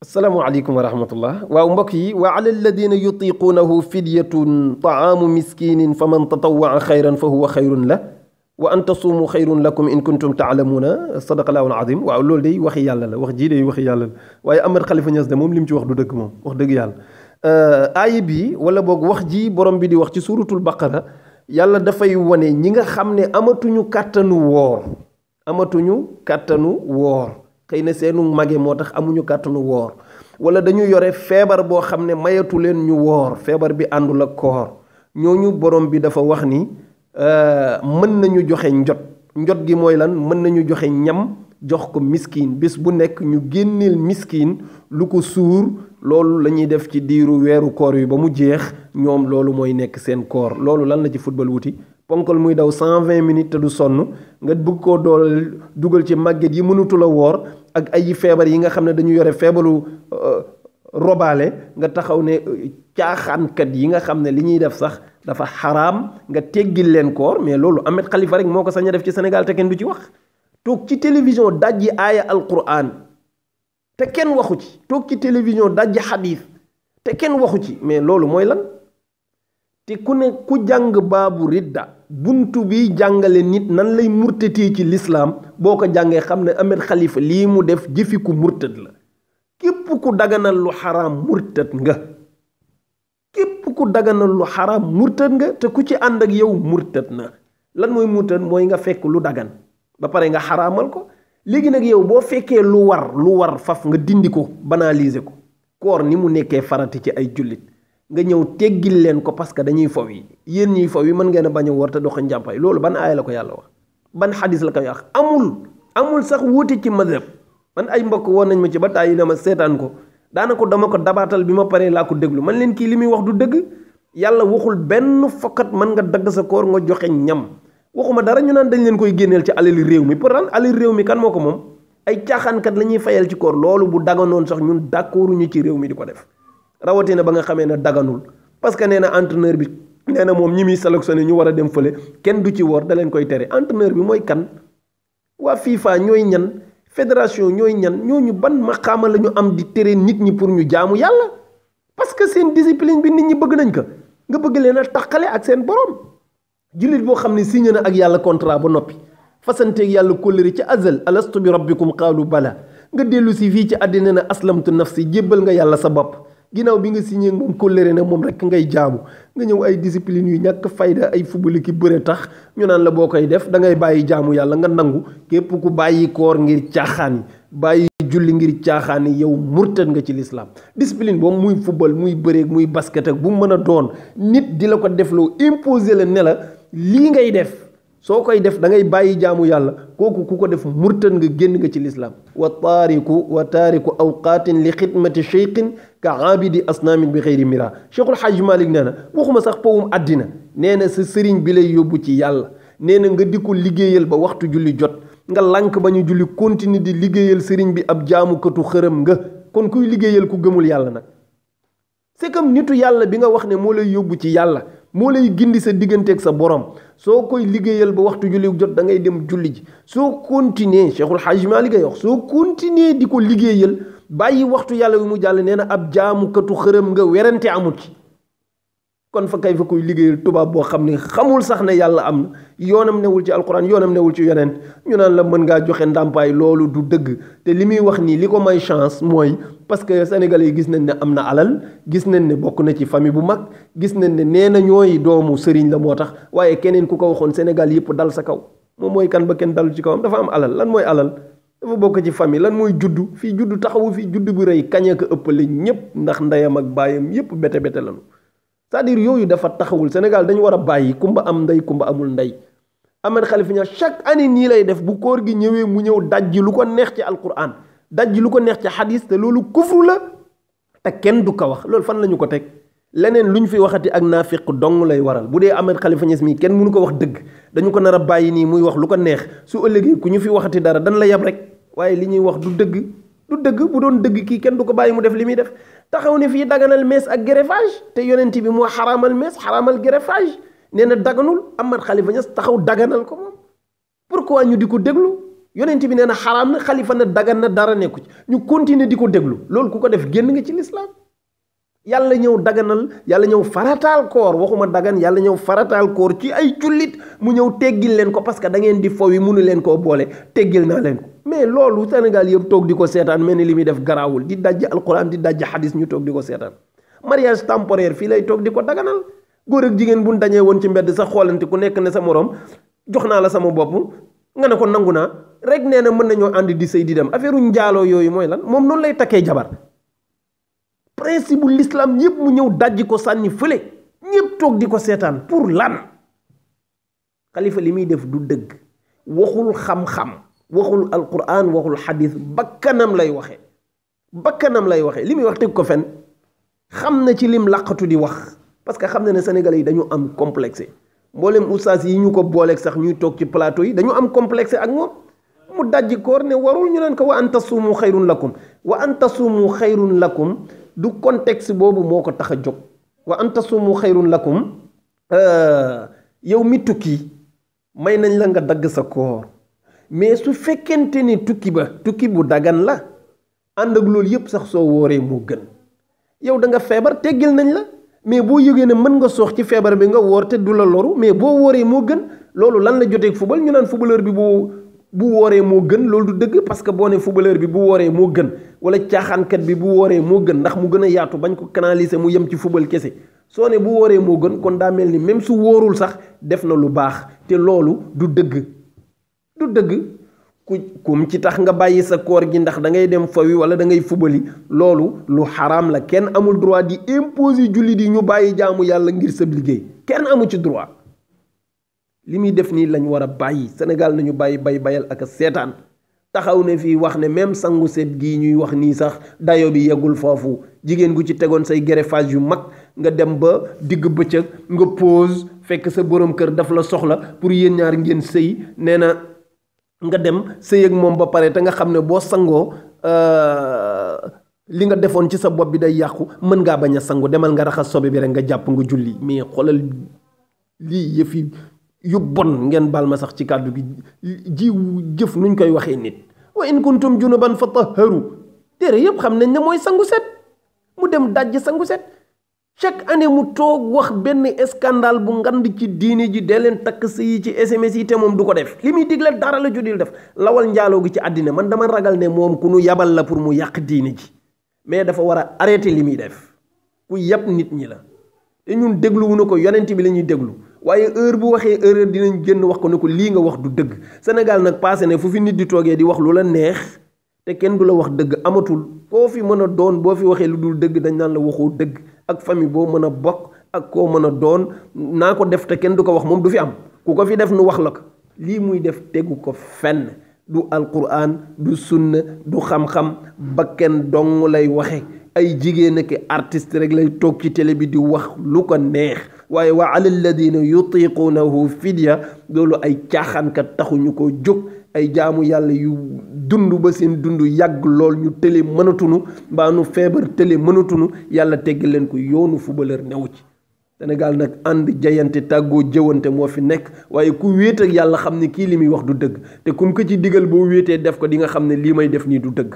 السلام عليكم ورحمة الله وأمبكي وعلى الذين يطيقونه فدية طعام مسكين فمن تطوع خيرا فهو خير له وأن تصوموا خير لكم إن كنتم تعلمون الصدق الله العظيم وأقول لي وخي يالا وخ جي وخي يالا وأي أمر خليفة نياس دا موم لمشي وخدو دك موم وخ يالا آي بي ولا بوغ وخ جي بروم بي سورة البقرة يالا دفاي واني نيغا خامني أمتو كاتنو وور أمتو كاتنو وور xëy na seenu mage moo tax amuñu kàttanu woor wala dañu yore feebar boo xam ne mayatu leen ñu woor feebar bi àndul ak koor ñooñu borom bi dafa wax ni euh, mën nañu joxe njot njot gi mooy lan mën nañu joxe ñam jox ko miskin bis bu nekk ñu génneel miskin lu ko suur loolu lañuy def ci diiru weeru koor yi ba mu jeex ñoom loolu mooy nekk seen koor loolu lan la ci football wuti ponkal muy daw cent vingt minutes te du sonn nga bëgg koo dooleel dugal ci màgget yi mënatula woor ak ay feebar yi nga xam ne dañu yore feebaru euh, robaale nga taxaw ne euh, caaxaankat yi nga xam ne li ñuy def sax dafa xaraam nga teggil leen koor mais loolu Ahmed Khalifa rek moo ko sañ a def ci Sénégal te kenn du ci wax toog ci télévision dajji aaya alquran te kenn waxu ci toog ci télévision dajji xadiis te kenn waxu ci mais loolu mooy lan te ku ne ku jàng baabu ridda buntu bi jàngale nit nan lay murtatee ci lislaam boo ko jàngee xam ne Ahmed xalifa lii mu def jëfiku ku murtat la képp ku daganal lu xaraam murtat nga képp ku daganal lu xaraam murtat nga te ku ci ànd ak yow murtat na lan mooy murtat mooy nga fekk lu dagan ba pare nga xaraamal ko léegi nag yow boo fekkee lu war lu war faf nga dindi ko banaliser ko koor ni mu nekkee farata ci ay jullit nga ñëw teggil leen ko parce dañuy faw yi yéen ñuy faw yi mën ngeen a bañ a war te doxañ jàmpaay loolu ban aaya la ko yàlla wax ban xadis la ko yàq amul amul sax wuute ci madhab man ay mbokk woon nañ ma ci ba tàyyi na ma seetaan ko daana ko dama ko dabaatal bi ma paree laa ko déglu man leen kii li muy wax du dëgg yàlla waxul benn fokkat mën nga dagg sa koor nga joxe ñam waxuma dara ñu naan dañ leen koy génneel ci alali réew mi pourtant alali réew mi kan moo ko moom ay caaxaankat la ñuy fayal ci koor loolu bu daganoon sax ñun d'accorduñu ci réew mi di ko def rawatina ba nga xamee ne daganul parce que nee na entraîneur bi nee na moom ñi muy sélectionné ñu war a dem fële kenn du ci woor daleen koy tere entraîneur bi mooy kan waa FIFA ñooy ñan fédération ñooy ñan ñoo ñu ban maqaama la ñu am di tere nit ñi pour ñu jaamu yàlla parce que seen discipline bi nit ñi bëgg nañ ko nga bëgg leen a taqale ak seen borom jullit boo xam ne signé na ak yàlla contrat ba noppi fasanteeg yàlla kóllëre ci azal alastu bi rabbikum qaalu bala nga dellu si fii ci àddina na aslamtu nafsi jébbal nga yàlla sa bopp ginnaaw bi nga signé moom kóllëre na moom rek ngay jaamu nga ñëw ay discipline yu ñàkk fayda ay fubali ki bëre tax ñu naan la boo koy def da ngay bàyyi jaamu yàlla nga nangu képp ku bàyyi koor ngir caaxaan bàyyi julli ngir caaxaani yow murtat nga ci lislaam discipline boobu muy fubal muy bëreeg muy basket ak bu mën a doon nit di la ko defloo imposer la ne la lii ngay def soo koy def da ngay bàyyi jaamu yàlla kooku ku ko def murtan nga génn nga ci lislaam wa taariku wa taariku awqaatin li xidmati cheikhin ka aabidi asnaamin bi xeyri mira cheikhul xaaj malik nee na waxuma sax powum àddina nee na sa sëriñ bi lay yóbbu ci yàlla nee na nga di ko liggéeyal ba waxtu julli jot nga lànk ba ñu julli continue di liggéeyal sëriñ bi ab jaamukatu xërëm nga kon kuy liggéeyal ku gëmul yàlla nag c'est comme nitu yàlla bi nga wax ne moo lay yóbbu ci yàlla moo lay gindi sa digganteeg sa borom soo koy liggéeyal ba waxtu julli jot da ngay dem julli ji soo continuer Cheikhul maa li ngay wax soo continuer di ko liggéeyal bàyyi waxtu yàlla wi mu jàll nee na ab jaamukatu xërëm nga werante amul ci kon fa kay fa kuy liggéeyal tubaab boo xam ne xamul sax ne yàlla am na yoonam newul ci alxuraan yoonam newul ci yonent ñu naan la mën ngaa joxe ndàmpaay loolu du dëgg te li muy wax nii li ko may chance mooy parce que sénégalais yi gis nañ ne am na alal gis nañ ne bokk na ci famille bu mag gis nañ ne nee na ñooy doomu sëriñ la moo tax waaye keneen ku ko waxoon Sénégal yëpp dal sa kaw moom mooy kan ba kenn dalu ci kawam dafa am alal lan mooy alal dafa bokk ci famille lan mooy juddu fii juddu taxawu fii juddu bu rëy kañ ak ëppale ñëpp ndax ndeyam ak baayam yëpp bete cest yooyu dafa taxawul Sénégal dañu war a bàyyi kumba am ndey kumba amul ndey Ahmed Khalifa Niass chaque année nii lay def bu koor gi ñëwee mu ñëw dajj lu ko neex ci alquran dajj lu ko neex ci xadis te loolu kufru la te kenn du ko wax loolu fan la ñu ko teg leneen lu ñu fi waxati ak naafiq dong lay waral bu dee Ahmed Khalifa Niass mii kenn mënu ko wax dëgg dañu ko nar a bàyyi nii muy wax lu ko neex su ëllëgee ku ñu fi waxati dara dan la yab rek waaye li ñuy wax du dëgg lu dëgg bu doon dëgg kii kenn du ko bàyyi mu def li muy def taxaw ne fii daganal mees ak greffage te yonent bi moo xaraamal mees xaraamal greffage nee na daganul Ahmed Khalifa Niass taxaw daganal ko moom pourquoi ñu di ko déglu yonent bi nee na xaraam na xalifa na dagan na dara nekku ci ñu continuer di ko déglu loolu ku ko def génn nga ci lislaam yàlla ñëw daganal yàlla ñëw farataal koor waxuma dagan yàlla ñëw farataal koor ci ay jullit mu ñëw teggil leen ko parce que da ngeen di fowi munu leen koo boole teggil naa leen mais loolu senegal yeb tok di setan melni limi def grawul di dajj alquran di hadis, hadith ñu tok di setan mariage temporaire fi lay tok di daganal góor ak jigen buñ dañé won ci mbedd sax xolanti ku nekk ne sa morom joxna la sama bop nga ne ko nanguna rek nee na mën andi di sey di dem affaireu yoy moy lan mom non lay také jabar principe l'islam yëpp mu ñew dajji ko sanni fële ñëpp tok di setan pour lan khalifa limi def du deug waxul xam-xam waxul alquran waxul ba kanam lay waxe kanam lay waxe li muy wax teg ko fen xam na ci lim làqatu di wax parce que xam na ne sénégalais yi dañu am complexe mboolem oustaz yi ñu ko booleeg sax ñuy toog ci plateau yi dañu am complexe ak moom mu dajji koor ne warul ñu naan ko wa an tasuumu xayrun lakum wa an tasuumu xayrun lakum du contexte boobu moo ko tax a jóg wa an tasuumu xayrun euh, yow mi tukki may nañ la nga dagg sa koor mais su fekkente ni tukki ba tukki bu dagan la ànd ak loolu yëpp sax soo wooree moo gën yow da nga feebar teggil nañ la mais boo yëgee ne mën nga soox ci feebar bi nga woor te du la loru mais boo wooree moo gën loolu lan la joteeg football ñu naan footballeur bi bu bu wooree moo gën loolu du dëgg parce que boo ne footballeur bi bu wooree moo gën wala caaxaankat bi bu wooree moo gën ndax mu gën a yaatu bañ ko canaliser mu yem ci football kese soo ne bu wooree moo gën kon daa mel ni même su woorul sax def na lu baax te loolu du dëgg. du deug ku kum ci tax nga bayyi sa koor gi ndax da ngay dem fawi wala da ngay fubali loolu lu haram la kenn amul droit di imposer julli di ñu bayyi jaamu yàlla ngir sa liggéey kenn amu ci droit li muy def nii lañ war a bàyyi Sénégal nañu bàyyi bay bayal ak setan. taxaw ne fii wax ne même sangu set gii ñuy wax nii sax dayo bi yegul foofu jigéen gu ci tegoon say greffage yu mag nga dem ba digg bëccëg nga pose fekk sa borom kër daf la soxla pour yéen ñaar ngeen sëy nee nga dem sey ak mom ba pare te nga xamné ne sango euh li nga defoon ci sa bop bi day yakku mën nga baña sango sangu demal nga raxas sobi bi rek nga japp nga julli mais xolal li yu bon ngeen bal ma sax ci gi ji jëf nuñ koy waxé nit wa in kuntum junuban fatahharu taharu téere xamnañ ne mooy sangu set mu dem sango sangu set chaque année mu toog wax benn scandale bu ngand ci diini ji dee leen takk sa yi ci SMS yi te moom du ko def li muy digle dara la judil def lawal njaaloo gi ci àddina man dama ragal ne moom ku nu yabal la pour mu yàq diini ji mais dafa war a arrêté li muy def ku yab nit ñi la te ñun dégluwu na ko yonent bi la ñuy déglu waaye heure bu waxee erreur dinañ génn wax ko ne ko lii nga wax du dëgg Sénégal nag passé ne fu fi nit di toogee di wax lu la neex te kenn du la wax dëgg amatul koo fi mën a doon boo fi waxee lu dul dëgg dañ naan la waxoo dëgg ak famille boo mën a bokk ak koo mën a doon naa ko def te kenn du ko wax moom du fi am ku ko fi def nu wax la ko lii muy def tegu ko fenn du alquran du sunna du xam-xam ba bakken dong lay waxe ay jigéen ak artiste rek lay toog ci télé bi di wax lu ko neex waaye wa ala alladina yutiquunahu fidya loolu ay ka taxuñu ko jóg ay jaamu yàlla yu dund ba seen dund yàgg lool ñu tële mënatunu mbaa nu feebar tële mënatunu yàlla tegg leen ko yoonu footballeur newu ci Sénégal nag ànd jayante tàggoo jëwante moo fi nekk waaye ku wéet ak yàlla xam ne kii li muy wax du dëgg te kun ko ci digal boo wéetee def ko di nga xam ne lii may def nii du dëgg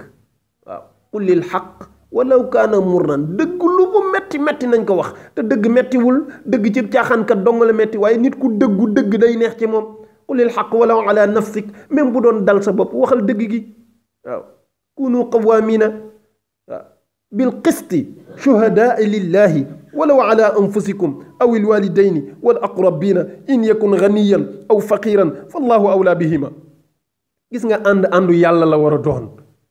waaw qulil xaq walaw kaana murnan dëgg lu mu metti metti nañ ko wax te dëgg mettiwul dëgg ci caaxaankat dong la metti waaye nit ku dëggu dëgg day neex ci moom qulil xaq walaw ala nafsik même bu doon dal sa bopp waxal dëgg gi waaw kunu qawamina waaw bil qisti shuhadaai lillahi ولو على أنفسكم أو الوالدين والأقربين إن يكن غنيا أو فقيرا فالله أولى بهما gis nga ànd àndu yàlla la war a doon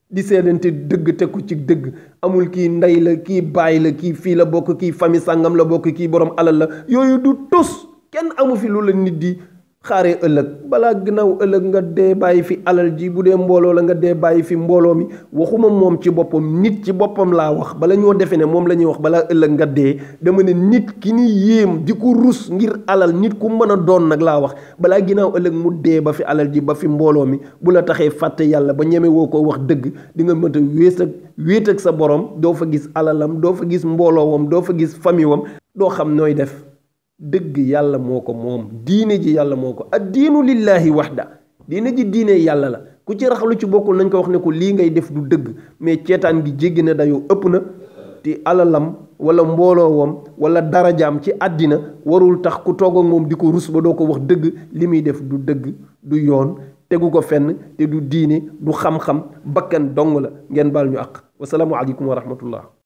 di seedante dëgg tekku ci dëgg amul kii ndey la kii baay la kii fii la bokk kii famille sàngam la bokk kii borom alal la yooyu du tus kenn amu fi lu la nit di xaare ëllëg balaa ginnaaw ëllëg nga dee bàyyi fi alal ji bu dee mbooloo la nga dee bàyyi fi mbooloo mi waxuma moom ci boppam nit ci boppam laa wax bala ñoo defe ne moom la ñuy wax balaa ëllëg nga dee dama ne nit ki ni yéem di ku rus ngir alal nit ku mën a doon nag laa wax balaa ginnaaw ëllëg mu dee ba fi alal ji ba fi mbooloo mi bu la taxee fàtte yàlla ba ñeme woo ko wax dëgg di nga mënta wées ak wéet sa borom doo fa gis alalam doo fa gis mbooloowam doo fa gis famille wam doo xam nooy def dëgg yàlla moo ko moom diine ji yàlla moo ko ad diinu lillahi waxda diine ji diine yàlla la ku ci raxlu ci bokkul nañ ko wax ne ko lii ngay def du dëgg mais ceetaan gi jéggi na dayoo ëpp na te alalam wala mbooloowam wala darajaam ci àddina warul tax ku toog moom di ko rus ba doo ko wax dëgg li muy def du dëgg du yoon tegu ko fenn te du diine du xam-xam bakkan dong la ngeen baal ñu àq wasalaamu aleykum wa rahmatullah